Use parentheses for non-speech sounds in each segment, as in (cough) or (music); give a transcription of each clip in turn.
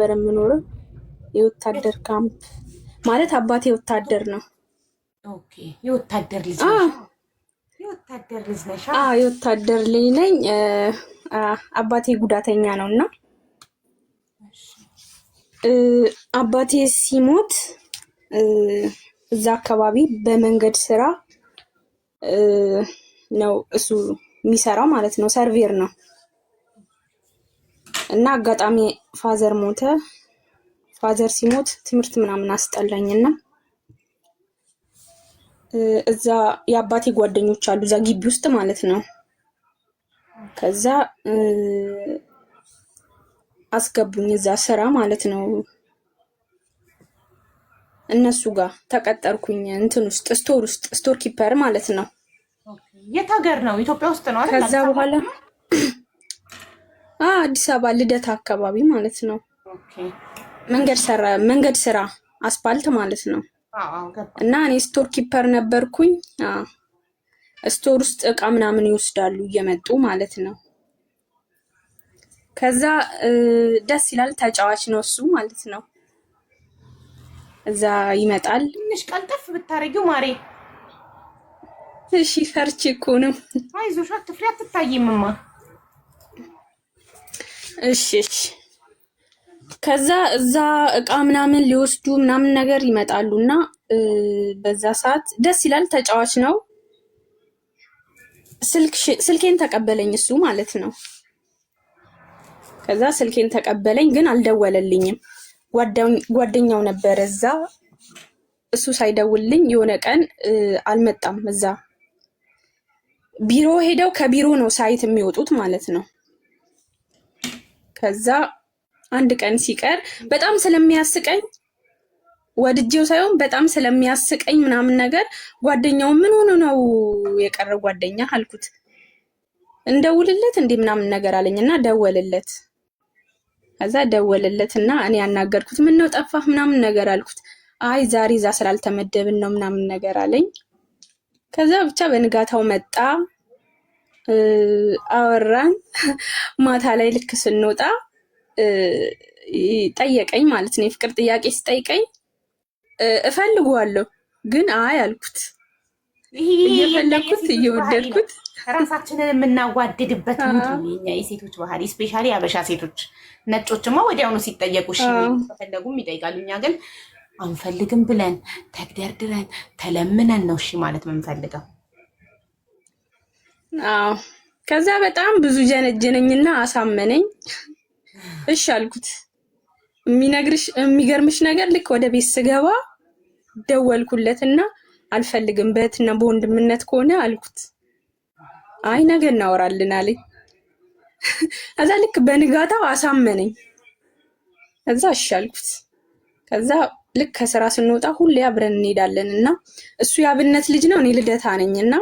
ነበር የምኖረው። የወታደር ካምፕ ማለት አባቴ ወታደር ነው። የወታደር ልጅ የወታደር ልጅ ነኝ። አባቴ ጉዳተኛ ነው እና አባቴ ሲሞት እዛ አካባቢ በመንገድ ስራ ነው እሱ የሚሰራው ማለት ነው። ሰርቬር ነው እና አጋጣሚ ፋዘር ሞተ። ፋዘር ሲሞት ትምህርት ምናምን አስጠላኝና እዛ የአባቴ ጓደኞች አሉ እዛ ግቢ ውስጥ ማለት ነው። ከዛ አስገቡኝ እዛ ስራ ማለት ነው እነሱ ጋር ተቀጠርኩኝ። እንትን ውስጥ ስቶር ውስጥ ስቶር ኪፐር ማለት ነው። የት ሀገር ነው? ኢትዮጵያ ውስጥ ነው። ከዛ በኋላ አዲስ አበባ ልደት አካባቢ ማለት ነው። መንገድ ሰራ መንገድ ስራ አስፓልት ማለት ነው። እና እኔ ስቶር ኪፐር ነበርኩኝ። ስቶር ውስጥ እቃ ምናምን ይወስዳሉ እየመጡ ማለት ነው። ከዛ ደስ ይላል። ተጫዋች ነው እሱ ማለት ነው። እዛ ይመጣል። ትንሽ ቀልጠፍ ብታረጊው ማሬ። እሺ ፈርቼ እኮ ነው። አይዞሽ አትፍሪ፣ አትታይምማ እሺ እሺ። ከዛ እዛ እቃ ምናምን ሊወስዱ ምናምን ነገር ይመጣሉ እና በዛ ሰዓት ደስ ይላል። ተጫዋች ነው። ስልኬን ተቀበለኝ እሱ ማለት ነው። ከዛ ስልኬን ተቀበለኝ፣ ግን አልደወለልኝም። ጓደኛው ነበረ እዛ። እሱ ሳይደውልልኝ የሆነ ቀን አልመጣም። እዛ ቢሮ ሄደው ከቢሮ ነው ሳይት የሚወጡት ማለት ነው። ከዛ አንድ ቀን ሲቀር በጣም ስለሚያስቀኝ ወድጄው ሳይሆን በጣም ስለሚያስቀኝ ምናምን ነገር ጓደኛው ምን ሆኖ ነው የቀረ ጓደኛ አልኩት። እንደውልለት እንዴ ምናምን ነገር አለኝ እና ደወልለት። ከዛ ደወልለት እና እኔ ያናገርኩት ምን ነው ጠፋህ ምናምን ነገር አልኩት። አይ ዛሬ እዛ ስላልተመደብን ነው ምናምን ነገር አለኝ። ከዛ ብቻ በንጋታው መጣ። አወራን። (laughs) ማታ ላይ ልክ ስንወጣ ጠየቀኝ ማለት ነው። የፍቅር ጥያቄ ሲጠይቀኝ እፈልገዋለሁ ግን አይ አልኩት። እየፈለግኩት እየወደድኩት ራሳችንን የምናዋድድበት ሙኛ የሴቶች ባህሪ ስፔሻሊ አበሻ ሴቶች። ነጮችማ ወዲያውኑ ሲጠየቁ ፈለጉም ይጠይቃሉ። እኛ ግን አንፈልግም ብለን ተግደርድረን ተለምነን ነው እሺ ማለት የምንፈልገው። አዎ። ከዛ በጣም ብዙ ጀነጀነኝና አሳመነኝ። እሺ አልኩት። የሚነግርሽ የሚገርምሽ ነገር ልክ ወደ ቤት ስገባ ደወልኩለትና አልፈልግም በእህትና በወንድምነት ከሆነ አልኩት። አይ ነገ እናወራልን አለኝ። ከዛ ልክ በንጋታው አሳመነኝ። ከዛ እሺ አልኩት። ከዛ ልክ ከስራ ስንወጣ ሁሌ አብረን እንሄዳለን እና እሱ የአብነት ልጅ ነው፣ እኔ ልደታ ነኝ እና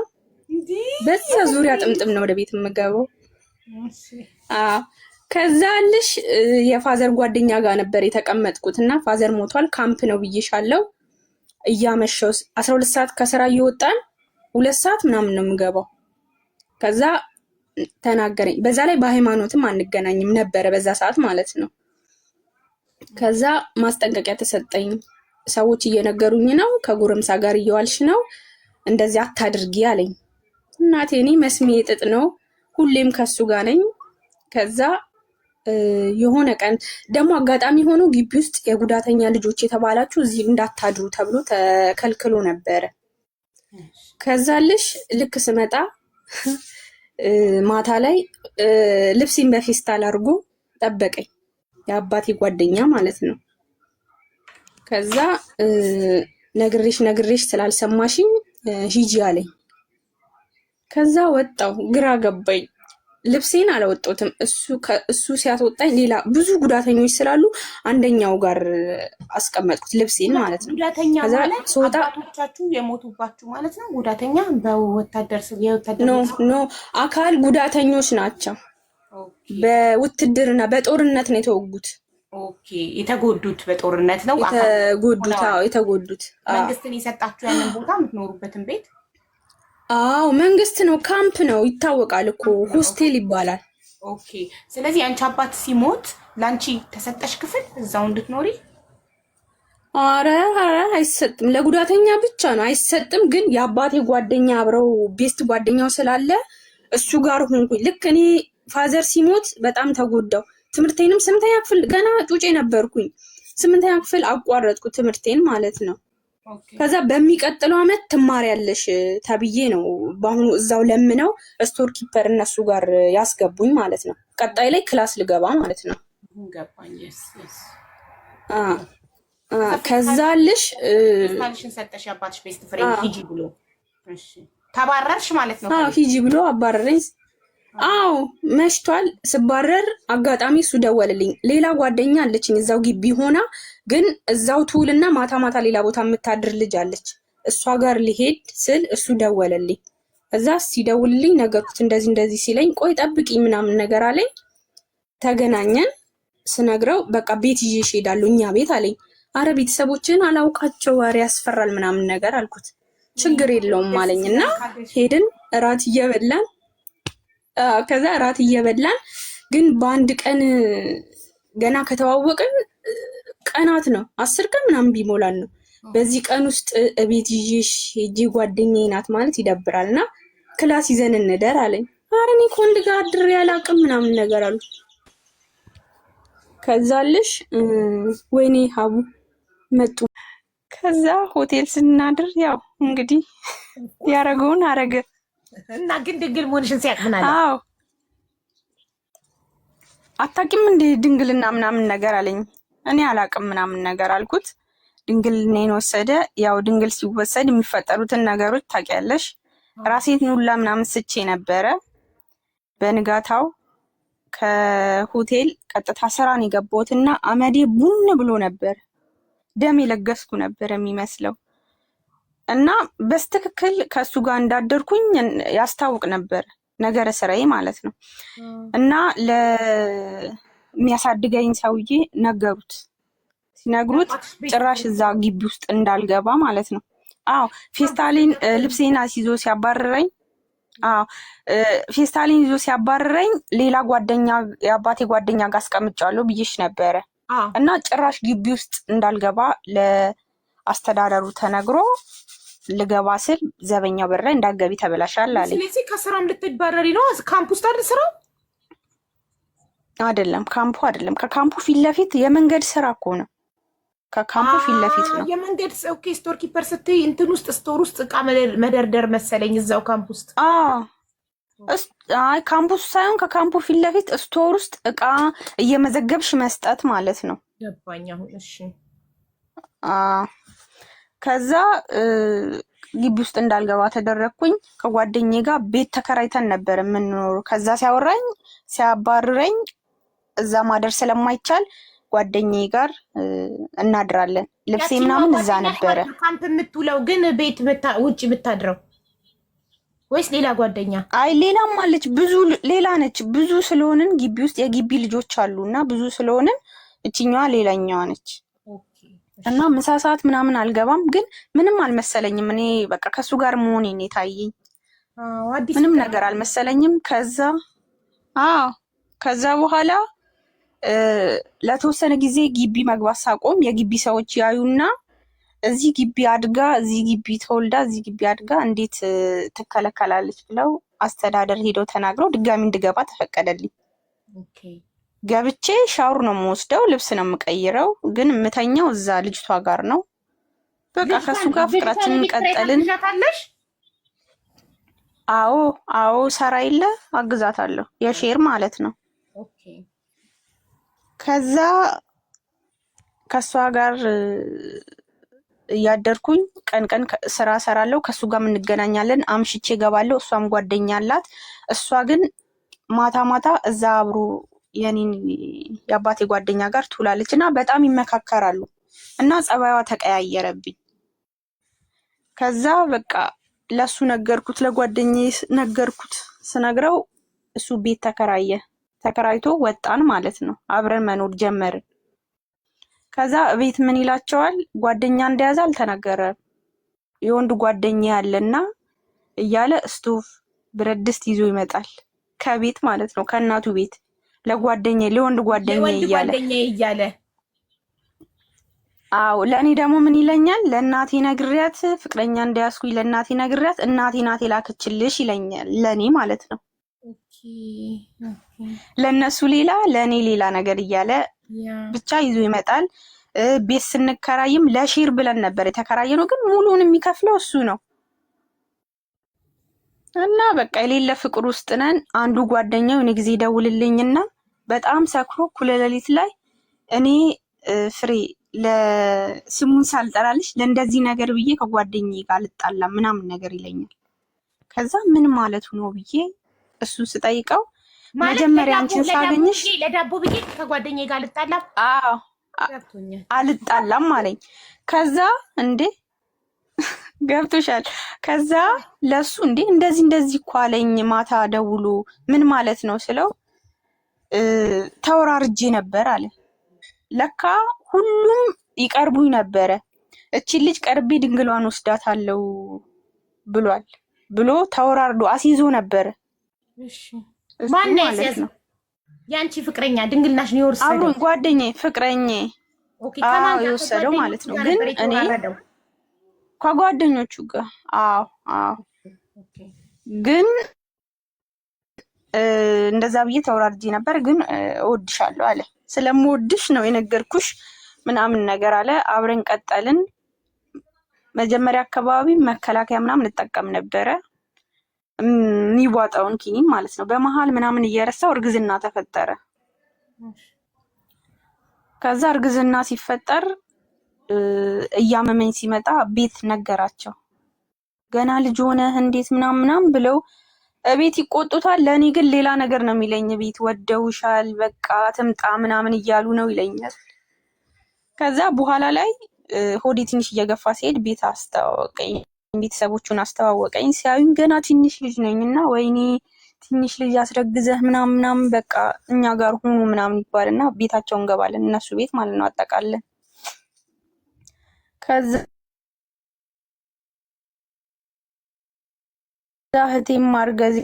በዛ ዙሪያ ጥምጥም ነው ወደ ቤት የምገባው። ከዛ ልሽ የፋዘር ጓደኛ ጋር ነበር የተቀመጥኩት እና ፋዘር ሞቷል ካምፕ ነው ብዬሻለው። እያመሸው አስራ ሁለት ሰዓት ከስራ እየወጣን ሁለት ሰዓት ምናምን ነው የምገባው። ከዛ ተናገረኝ። በዛ ላይ በሃይማኖትም አንገናኝም ነበረ በዛ ሰዓት ማለት ነው። ከዛ ማስጠንቀቂያ ተሰጠኝ። ሰዎች እየነገሩኝ ነው፣ ከጉርምሳ ጋር እየዋልሽ ነው፣ እንደዚህ አታድርጊ አለኝ። እናቴ እኔ መስሜ ጥጥ ነው፣ ሁሌም ከሱ ጋር ነኝ። ከዛ የሆነ ቀን ደግሞ አጋጣሚ ሆኖ ግቢ ውስጥ የጉዳተኛ ልጆች የተባላችሁ እዚህ እንዳታድሩ ተብሎ ተከልክሎ ነበረ። ከዛልሽ ልክ ስመጣ ማታ ላይ ልብሴን በፌስታል አድርጎ ጠበቀኝ። የአባቴ ጓደኛ ማለት ነው። ከዛ ነግሬሽ ነግሬሽ ስላልሰማሽኝ ሂጂ አለኝ። ከዛ ወጣው፣ ግራ ገባኝ። ልብሴን አላወጣሁትም። እሱ ሲያስወጣኝ ሌላ ብዙ ጉዳተኞች ስላሉ አንደኛው ጋር አስቀመጥኩት፣ ልብሴን ማለት ነው። ጉዳተኛ ማለት አባቶቻችሁ የሞቱባችሁ ማለት ነው። ጉዳተኛ በወታደር ኖ ኖ አካል ጉዳተኞች ናቸው። በውትድርና በጦርነት ነው የተወጉት። ኦኬ የተጎዱት በጦርነት ነው የተጎዱት። የተጎዱት መንግስትን የሰጣችሁ ያንን ቦታ የምትኖሩበትን ቤት አዎ መንግስት ነው፣ ካምፕ ነው ይታወቃል እኮ ሆስቴል ይባላል። ኦኬ። ስለዚህ አንቺ አባት ሲሞት ለአንቺ ተሰጠሽ ክፍል እዛው እንድትኖሪ? አረ አረ አይሰጥም፣ ለጉዳተኛ ብቻ ነው አይሰጥም። ግን የአባቴ ጓደኛ አብረው ቤስት ጓደኛው ስላለ እሱ ጋር ሆንኩኝ። ልክ እኔ ፋዘር ሲሞት በጣም ተጎዳው። ትምህርቴንም ስምንተኛ ክፍል ገና ጩጬ ነበርኩኝ። ስምንተኛ ክፍል አቋረጥኩ ትምህርቴን ማለት ነው። ከዛ በሚቀጥለው አመት ትማሪያለሽ ተብዬ ነው በአሁኑ እዛው ለምነው ስቶር ኪፐር እነሱ ጋር ያስገቡኝ ማለት ነው። ቀጣይ ላይ ክላስ ልገባ ማለት ነው። ከዛ ልሽ ሂጂ ብሎ ተባረርሽ ማለት ነው። ሂጂ ብሎ አባረረኝ። አዎ መሽቷል። ስባረር አጋጣሚ እሱ ደወልልኝ። ሌላ ጓደኛ አለችኝ እዛው ግቢ ሆና ግን እዛው ትውልና ማታ ማታ ሌላ ቦታ የምታድር ልጅ አለች። እሷ ጋር ሊሄድ ስል እሱ ደወለልኝ። እዛ ሲደውልልኝ ነገርኩት እንደዚህ እንደዚህ ሲለኝ ቆይ ጠብቂኝ ምናምን ነገር አለኝ። ተገናኘን። ስነግረው በቃ ቤት ይዤ እሄዳለሁ እኛ ቤት አለኝ። አረ ቤተሰቦችን አላውቃቸው ወሬ ያስፈራል ምናምን ነገር አልኩት። ችግር የለውም አለኝ እና ሄድን። እራት እየበላን ከዛ እራት እየበላን ግን በአንድ ቀን ገና ከተዋወቅን ቀናት ነው፣ አስር ቀን ምናምን ቢሞላን ነው። በዚህ ቀን ውስጥ እቤት ይዤሽ ሂጂ ጓደኛዬ ናት ማለት ይደብራል እና ክላስ ይዘን እንደር አለኝ። ኧረ እኔ ከወንድ ጋር አድሬ አላውቅም ምናምን ነገር አሉ። ከዛ ከዛልሽ ወይኔ ሀቡ መጡ። ከዛ ሆቴል ስናድር ያው እንግዲህ ያረገውን አረገ እና ግን ድንግል መሆንሽን ሲያቅ ምናለ አዎ አታውቂም እንደ ድንግልና ምናምን ነገር አለኝ። እኔ አላቅም ምናምን ነገር አልኩት። ድንግልናዬን ወሰደ። ያው ድንግል ሲወሰድ የሚፈጠሩትን ነገሮች ታውቂያለሽ። ራሴን ሁላ ምናምን ስቼ ነበረ። በንጋታው ከሆቴል ቀጥታ ስራን እና አመዴ ቡን ብሎ ነበር። ደም የለገስኩ ነበር የሚመስለው እና በስትክክል ከእሱ ጋር እንዳደርኩኝ ያስታውቅ ነበር ነገረ ስራዬ ማለት ነው እና የሚያሳድገኝ ሰውዬ ነገሩት። ሲነግሩት ጭራሽ እዛ ግቢ ውስጥ እንዳልገባ ማለት ነው። አዎ ፌስታሊን ልብሴና ሲዞ ሲያባረረኝ፣ አዎ ፌስታሊን ይዞ ሲያባረረኝ ሌላ ጓደኛ የአባቴ ጓደኛ ጋር አስቀምጫለሁ ብዬሽ ነበረ እና ጭራሽ ግቢ ውስጥ እንዳልገባ ለአስተዳደሩ ተነግሮ ልገባ ስል ዘበኛው በር ላይ እንዳትገቢ ተብላሻል አለኝ። ስለዚህ ከስራም ልትባረሪ ነው። ካምፕ ውስጥ አይደል ስራው አይደለም ካምፑ አይደለም። ከካምፑ ፊት ለፊት የመንገድ ስራ እኮ ነው። ከካምፑ ፊት ለፊት ነው የመንገድ ኦኬ። ስቶር ኪፐር ስትይ እንትን ውስጥ ስቶር ውስጥ እቃ መደርደር መሰለኝ እዛው ካምፕ ውስጥ። አይ ውስጥ ሳይሆን ከካምፑ ፊት ለፊት ስቶር ውስጥ እቃ እየመዘገብሽ መስጠት ማለት ነው። ከዛ ግቢ ውስጥ እንዳልገባ ተደረግኩኝ። ከጓደኛ ጋር ቤት ተከራይተን ነበር የምንኖሩ። ከዛ ሲያወራኝ ሲያባርረኝ እዛ ማደር ስለማይቻል ጓደኛዬ ጋር እናድራለን። ልብሴ ምናምን እዛ ነበረ። ካምፕ የምትውለው ግን ቤት ውጭ ብታድረው ወይስ ሌላ ጓደኛ? አይ ሌላም አለች፣ ብዙ ሌላ ነች። ብዙ ስለሆንን ግቢ ውስጥ የግቢ ልጆች አሉ እና ብዙ ስለሆንን እችኛዋ ሌላኛዋ ነች እና ምሳ ሰዓት ምናምን አልገባም፣ ግን ምንም አልመሰለኝም። እኔ በቃ ከእሱ ጋር መሆኔን የታየኝ ምንም ነገር አልመሰለኝም። ከዛ አዎ ከዛ በኋላ ለተወሰነ ጊዜ ግቢ መግባት ሳቆም የግቢ ሰዎች ያዩና እዚህ ግቢ አድጋ እዚህ ግቢ ተወልዳ እዚህ ግቢ አድጋ እንዴት ትከለከላለች ብለው አስተዳደር ሄደው ተናግረው ድጋሚ እንድገባ ተፈቀደልኝ። ገብቼ ሻወር ነው የምወስደው፣ ልብስ ነው የምቀይረው፣ ግን የምተኛው እዛ ልጅቷ ጋር ነው። በቃ ከሱ ጋር ፍቅራችንን ቀጠልን። አዎ አዎ፣ ሰራ የለ አግዛታለሁ፣ የሼር ማለት ነው። ከዛ ከእሷ ጋር እያደርኩኝ ቀን ቀን ስራ ሰራለው ከእሱ ጋር እንገናኛለን። አምሽቼ እገባለሁ። እሷም ጓደኛ አላት። እሷ ግን ማታ ማታ እዛ አብሮ የኔን የአባቴ ጓደኛ ጋር ትውላለች እና በጣም ይመካከራሉ እና ጸባይዋ ተቀያየረብኝ። ከዛ በቃ ለሱ ነገርኩት፣ ለጓደኛ ነገርኩት። ስነግረው እሱ ቤት ተከራየ። ተከራይቶ ወጣን ማለት ነው። አብረን መኖር ጀመርን። ከዛ ቤት ምን ይላቸዋል፣ ጓደኛ እንደያዘ አልተናገረም። የወንድ ጓደኛ ያለና እያለ ስቶቭ፣ ብረት ድስት ይዞ ይመጣል ከቤት ማለት ነው፣ ከእናቱ ቤት ለጓደኛ ለወንድ ጓደኛ እያለ አው ለእኔ ደግሞ ምን ይለኛል፣ ለእናቴ ነግሪያት፣ ፍቅረኛ እንደያዝኩኝ ለእናቴ ነግሪያት፣ እናቴ ናት የላከችልሽ ይለኛል፣ ለእኔ ማለት ነው። ለእነሱ ሌላ ለእኔ ሌላ ነገር እያለ ብቻ ይዞ ይመጣል። ቤት ስንከራይም ለሼር ብለን ነበር የተከራየ ነው፣ ግን ሙሉን የሚከፍለው እሱ ነው። እና በቃ የሌለ ፍቅር ውስጥ ነን። አንዱ ጓደኛው እኔ ጊዜ ደውልልኝና በጣም ሰክሮ እኩለ ሌሊት ላይ እኔ ፍሬ ለስሙን ሳልጠራልሽ ለእንደዚህ ነገር ብዬ ከጓደኛ ጋር ልጣላ ምናምን ነገር ይለኛል። ከዛ ምን ማለቱ ነው ብዬ እሱን ስጠይቀው መጀመሪያ አንቺን ሳገኝሽ ለዳቦ ብዬ ከጓደኛዬ ጋር ልጣላም አልጣላም አለኝ። ከዛ እንዴ ገብቶሻል። ከዛ ለሱ እንዴ እንደዚህ እንደዚህ እኮ አለኝ ማታ ደውሉ ምን ማለት ነው ስለው ተወራርጄ ነበር አለ። ለካ ሁሉም ይቀርቡኝ ነበረ። እቺን ልጅ ቀርቤ ድንግሏን ወስዳታለሁ ብሏል ብሎ ተወራርዶ አስይዞ ነበር። ማን ያዝ የአንቺ ፍቅረኛ ድንግልናሽን የወርሰደው አብሮኝ ጓደኛዬ ፍቅረኛዬ የወሰደው ማለት ነው። ግን እኔ ከጓደኞቹ ጋር አዎ፣ አዎ። ግን እንደዛ ብዬ ተወራርጄ ነበር። ግን እወድሻለሁ አለ። ስለምወድሽ ነው የነገርኩሽ ምናምን ነገር አለ። አብረን ቀጠልን። መጀመሪያ አካባቢ መከላከያ ምናምን እንጠቀም ነበረ የሚዋጣውን ኪኒን ማለት ነው። በመሀል ምናምን እየረሳው እርግዝና ተፈጠረ። ከዛ እርግዝና ሲፈጠር እያመመኝ ሲመጣ ቤት ነገራቸው። ገና ልጅ ሆነህ እንዴት ምናምን ምናምን ብለው እቤት ይቆጡታል። ለእኔ ግን ሌላ ነገር ነው የሚለኝ። ቤት ወደውሻል፣ በቃ ትምጣ ምናምን እያሉ ነው ይለኛል። ከዛ በኋላ ላይ ሆዴ ትንሽ እየገፋ ሲሄድ ቤት አስተዋወቀኝ። ቤተሰቦቹን አስተዋወቀኝ። ሲያዩኝ ገና ትንሽ ልጅ ነኝ እና ወይኔ ትንሽ ልጅ አስረግዘህ ምናምን ምናምን በቃ እኛ ጋር ሁኑ ምናምን ይባል እና ቤታቸው እንገባለን፣ እነሱ ቤት ማለት ነው አጠቃለን። ከዛ እህቴም ማርገዝ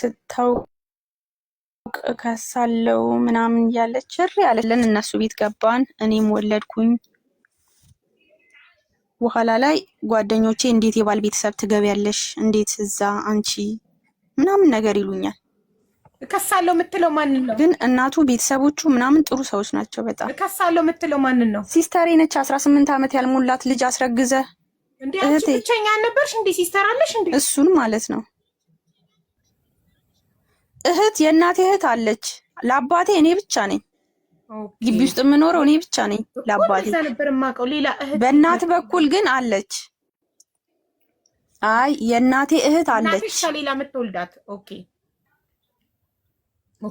ስታውቅ ከሳለው ምናምን እያለች ሪ ያለለን እነሱ ቤት ገባን። እኔም ወለድኩኝ። በኋላ ላይ ጓደኞቼ እንዴት የባል ቤተሰብ ትገቢያለሽ? እንዴት እዛ አንቺ ምናምን ነገር ይሉኛል። እከሳለሁ የምትለው ማንን ነው? ግን እናቱ ቤተሰቦቹ ምናምን ጥሩ ሰዎች ናቸው በጣም። እከሳለሁ የምትለው ማንን ነው? ሲስተር ነች። አስራ ስምንት ዓመት ያልሞላት ልጅ አስረግዘ እንዴ አንቺ ብቸኛ ነበርሽ እንዴ? ሲስተር አለሽ እንዴ? እሱን ማለት ነው። እህት የእናቴ እህት አለች። ለአባቴ እኔ ብቻ ነኝ። ግቢ ውስጥ የምኖረው እኔ ብቻ ነኝ ለአባቴ። በእናት በኩል ግን አለች። አይ የእናቴ እህት አለች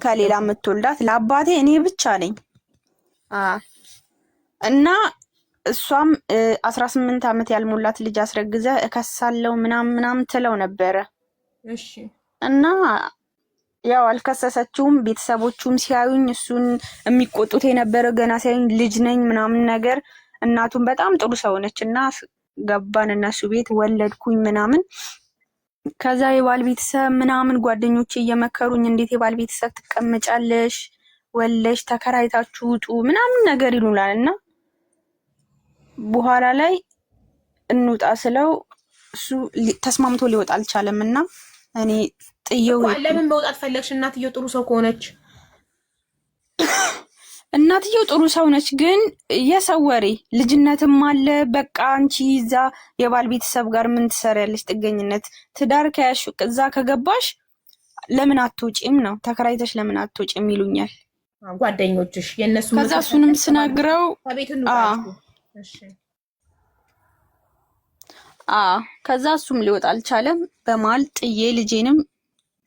ከሌላ የምትወልዳት ለአባቴ እኔ ብቻ ነኝ እና እሷም አስራ ስምንት ዓመት ያልሞላት ልጅ አስረግዘ እከሳለው ምናም ምናም ትለው ነበረ እና ያው አልከሰሰችውም። ቤተሰቦቹም ሲያዩኝ እሱን የሚቆጡት የነበረ ገና ሲያዩኝ ልጅ ነኝ ምናምን ነገር እናቱም በጣም ጥሩ ሰው ነች እና ገባን እነሱ ቤት ወለድኩኝ ምናምን ከዛ የባል ቤተሰብ ምናምን ጓደኞቼ እየመከሩኝ እንዴት የባል ቤተሰብ ትቀመጫለሽ ወለሽ ተከራይታችሁ ውጡ ምናምን ነገር ይሉናል እና በኋላ ላይ እንውጣ ስለው እሱ ተስማምቶ ሊወጣ አልቻለም እና እኔ ጥየው ለምን መውጣት ፈለግሽ? እናትየው ጥሩ ሰው ከሆነች እናትየው ጥሩ ሰው ነች። ግን የሰው ወሬ ልጅነትም አለ። በቃ አንቺ እዛ የባል ቤተሰብ ጋር ምን ትሰሪያለሽ? ጥገኝነት ትዳር ከያሽ እዛ ከገባሽ ለምን አትውጪም ነው ተከራይተሽ ለምን አትውጪም ይሉኛል ጓደኞችሽ የነሱ ከዛ እሱንም ስነግረው ከዛ እሱም ሊወጣ አልቻለም። በመሀል ጥዬ ልጄንም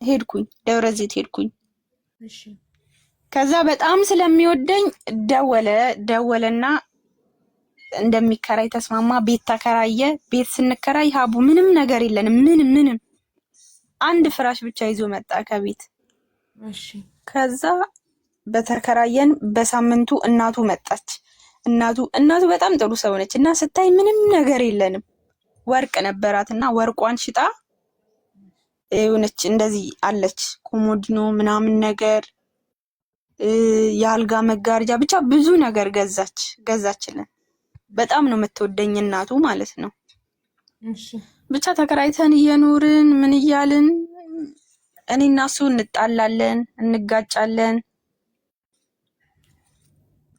ሄድኩኝ፣ ደብረ ዘይት ሄድኩኝ። ከዛ በጣም ስለሚወደኝ ደወለ ደወለና እንደሚከራይ ተስማማ። ቤት ተከራየ። ቤት ስንከራይ ሀቡ ምንም ነገር የለንም፣ ምንም ምንም። አንድ ፍራሽ ብቻ ይዞ መጣ ከቤት። ከዛ በተከራየን በሳምንቱ እናቱ መጣች። እናቱ እናቱ በጣም ጥሩ ሰው ነች እና ስታይ ምንም ነገር የለንም። ወርቅ ነበራት እና ወርቋን ሽጣ የሆነች እንደዚህ አለች ኮሞድኖ ምናምን ነገር የአልጋ መጋረጃ ብቻ ብዙ ነገር ገዛች ገዛችልን። በጣም ነው የምትወደኝ እናቱ ማለት ነው። ብቻ ተከራይተን እየኖርን ምን እያልን እኔ እና እሱ እንጣላለን፣ እንጋጫለን።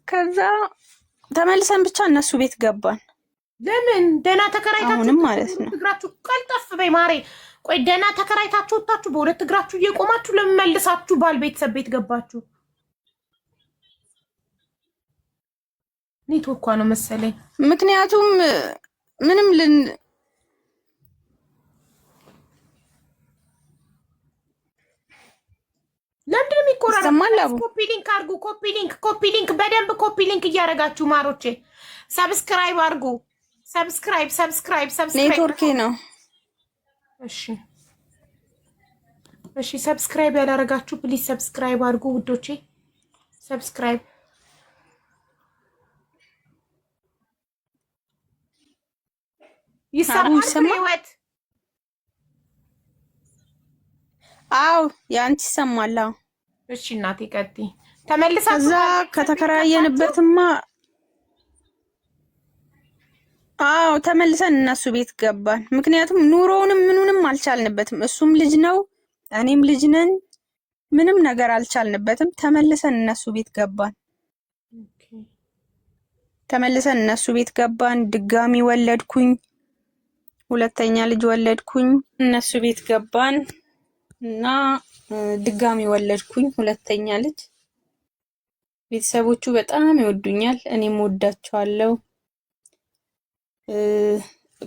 ከዛ ተመልሰን ብቻ እነሱ ቤት ገባን። ለምን ደህና ተከራይታችሁ ማለት ነው። እግራችሁ ቀልጠፍ በይ ማሬ ቆይ ደህና ተከራይታችሁ ወጣችሁ በሁለት እግራችሁ እየቆማችሁ ለመልሳችሁ ባል ቤተሰብ ቤት ገባችሁ። ኔትወርኳ ነው መሰለኝ። ምክንያቱም ምንም ልን ለምንድን የሚቆራረጥ ኮፒ ሊንክ አርጉ። ኮፒ ሊንክ ኮፒ ሊንክ በደንብ ኮፒ ሊንክ እያደረጋችሁ ማሮቼ ሰብስክራይብ አርጉ። ሰብስክራይብ ሰብስክራይብ ሰብስክራይብ ኔትወርኬ ነው እሺ እሺ ሰብስክራይብ ያላረጋችሁ ፕሊዝ ሰብስክራይብ አድርጉ ውዶቼ። ሰብስክራይብ ይሰማል። አዎ የአንቺ ይሰማል። እሺ እናቴ ቀጥይ። ተመልሳ ከተከራየንበትማ አዎ ተመልሰን እነሱ ቤት ገባን። ምክንያቱም ኑሮውንም ምኑንም አልቻልንበትም። እሱም ልጅ ነው፣ እኔም ልጅ ነን። ምንም ነገር አልቻልንበትም። ተመልሰን እነሱ ቤት ገባን። ተመልሰን እነሱ ቤት ገባን። ድጋሚ ወለድኩኝ፣ ሁለተኛ ልጅ ወለድኩኝ። እነሱ ቤት ገባን እና ድጋሚ ወለድኩኝ፣ ሁለተኛ ልጅ። ቤተሰቦቹ በጣም ይወዱኛል፣ እኔም ወዳቸዋለሁ።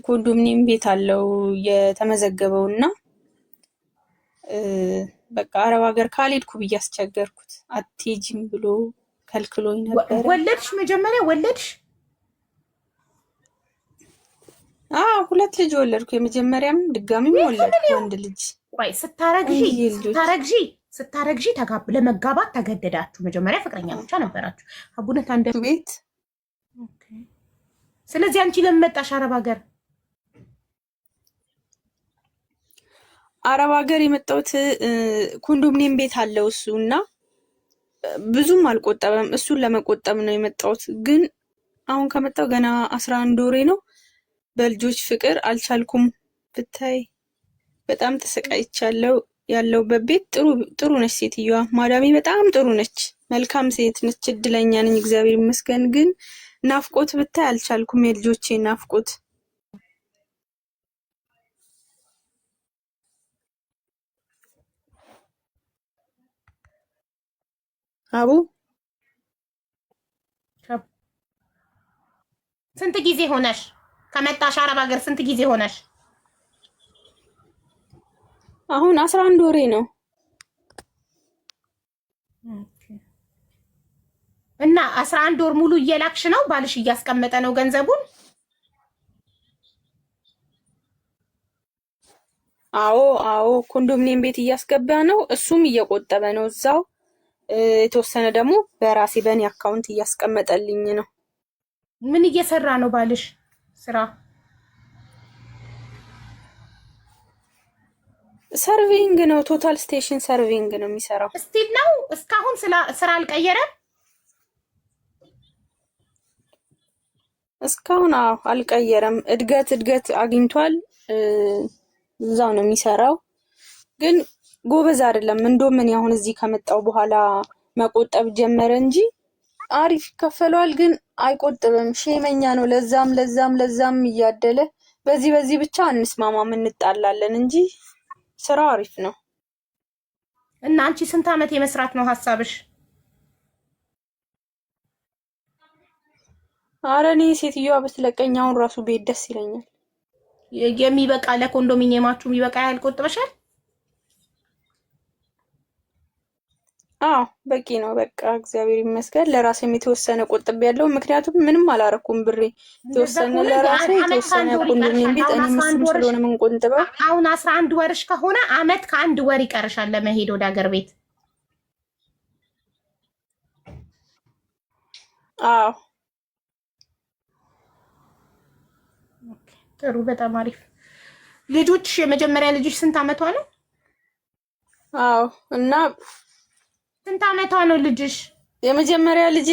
ኮንዶሚኒየም ቤት አለው የተመዘገበው እና በቃ አረብ ሀገር ካልሄድኩ ብዬ አስቸገርኩት። አትሄጂም ብሎ ከልክሎኝ ነበር። ወለድሽ? መጀመሪያ ወለድሽ? አዎ ሁለት ልጅ ወለድኩ። የመጀመሪያም ድጋሚም ወለድኩ አንድ ልጅ። ቆይ ስታረግዢ ስታረግዢ ስታረግዢ ለመጋባት ተገደዳችሁ? መጀመሪያ ፍቅረኛ ብቻ ነበራችሁ? አቡነት አንድ ቤት ስለዚህ አንቺ ለምን መጣሽ አረብ ሀገር? አረብ ሀገር የመጣሁት ኮንዶሚኒየም ቤት አለው እሱ እና ብዙም አልቆጠበም። እሱን ለመቆጠብ ነው የመጣሁት። ግን አሁን ከመጣሁ ገና አስራ አንድ ወሬ ነው። በልጆች ፍቅር አልቻልኩም። ብታይ በጣም ተሰቃይቻለሁ። ያለውበት ቤት ጥሩ ጥሩ ነች ሴትዮዋ። ማዳሜ በጣም ጥሩ ነች፣ መልካም ሴት ነች። እድለኛ ነኝ፣ እግዚአብሔር ይመስገን ግን ናፍቆት ብታይ አልቻልኩም። የልጆቼ ናፍቆት አቡ ስንት ጊዜ ሆነሽ ከመጣሽ? አረብ ሀገር ስንት ጊዜ ሆነሽ? አሁን አስራ አንድ ወሬ ነው። እና አስራ አንድ ወር ሙሉ እየላክሽ ነው ባልሽ እያስቀመጠ ነው ገንዘቡን? አዎ አዎ፣ ኮንዶሚኒየም ቤት እያስገባ ነው። እሱም እየቆጠበ ነው እዛው። የተወሰነ ደግሞ በራሴ በእኔ አካውንት እያስቀመጠልኝ ነው። ምን እየሰራ ነው ባልሽ ስራ? ሰርቪንግ ነው። ቶታል ስቴሽን ሰርቪንግ ነው የሚሰራው። ስቲል ነው እስካሁን ስራ አልቀየረም። እስካሁን አልቀየረም። እድገት እድገት አግኝቷል። እዛው ነው የሚሰራው፣ ግን ጎበዝ አይደለም። እንዶ ምን አሁን እዚህ ከመጣው በኋላ መቆጠብ ጀመረ እንጂ አሪፍ ይከፈለዋል፣ ግን አይቆጥብም። ሼመኛ ነው። ለዛም ለዛም ለዛም እያደለ በዚህ በዚህ ብቻ እንስማማም እንጣላለን እንጂ ስራው አሪፍ ነው። እና አንቺ ስንት ዓመት የመስራት ነው ሀሳብሽ? አረ እኔ ሴትዮዋ ብትለቀኝ አሁን ራሱ ቤት ደስ ይለኛል። የሚበቃ ለኮንዶሚኒየማችሁ የሚበቃ ያህል ቆጥበሻል? አዎ በቂ ነው። በቃ እግዚአብሔር ይመስገን ለራሴም የተወሰነ ቆጥብ ያለው ምክንያቱም ምንም አላረኩም። ብሬ የተወሰነ ለራሴ የተወሰነ ኮንዶሚኒየም ቤት እኔ ምስም ስለሆነ የምንቆንጥበው አሁን አስራ አንድ ወርሽ ከሆነ አመት ከአንድ ወር ይቀርሻል ለመሄድ ወደ ሀገር ቤት። አዎ ጥሩ፣ በጣም አሪፍ። ልጆች የመጀመሪያ ልጆች ስንት አመቷ ነው? አዎ። እና ስንት አመቷ ነው ልጅሽ? የመጀመሪያ ልጅ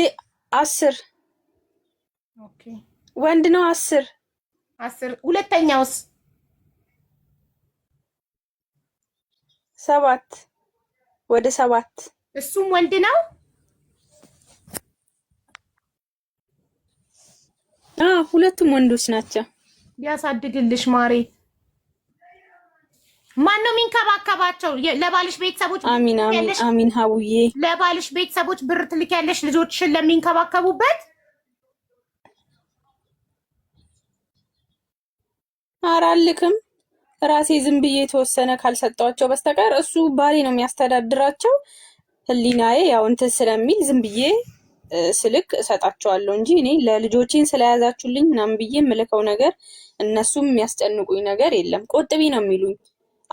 አስር ወንድ ነው አስር አስር። ሁለተኛውስ? ሰባት ወደ ሰባት እሱም ወንድ ነው። ሁለቱም ወንዶች ናቸው። ያሳድግልሽ ማሬ። ማን ነው የሚንከባከባቸው? ለባልሽ ቤተሰቦች አሚን አሚን። ሀቡዬ ለባልሽ ቤተሰቦች ብር ትልኪያለሽ ልጆችሽን ለሚንከባከቡበት? ኧረ አልክም ራሴ ዝም ብዬ የተወሰነ ካልሰጠዋቸው በስተቀር እሱ ባሌ ነው የሚያስተዳድራቸው። ህሊናዬ ያው እንትን ስለሚል ዝም ብዬ ስልክ እሰጣቸዋለሁ እንጂ እኔ ለልጆቼን ስለያዛችሁልኝ ምናምን ብዬ የምልከው ነገር እነሱም የሚያስጨንቁኝ ነገር የለም። ቆጥቢ ነው የሚሉኝ።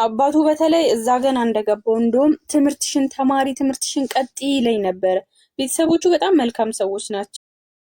አባቱ በተለይ እዛ ገና እንደገባው እንደውም ትምህርትሽን ተማሪ፣ ትምህርትሽን ቀጥ ይለኝ ነበረ። ቤተሰቦቹ በጣም መልካም ሰዎች ናቸው።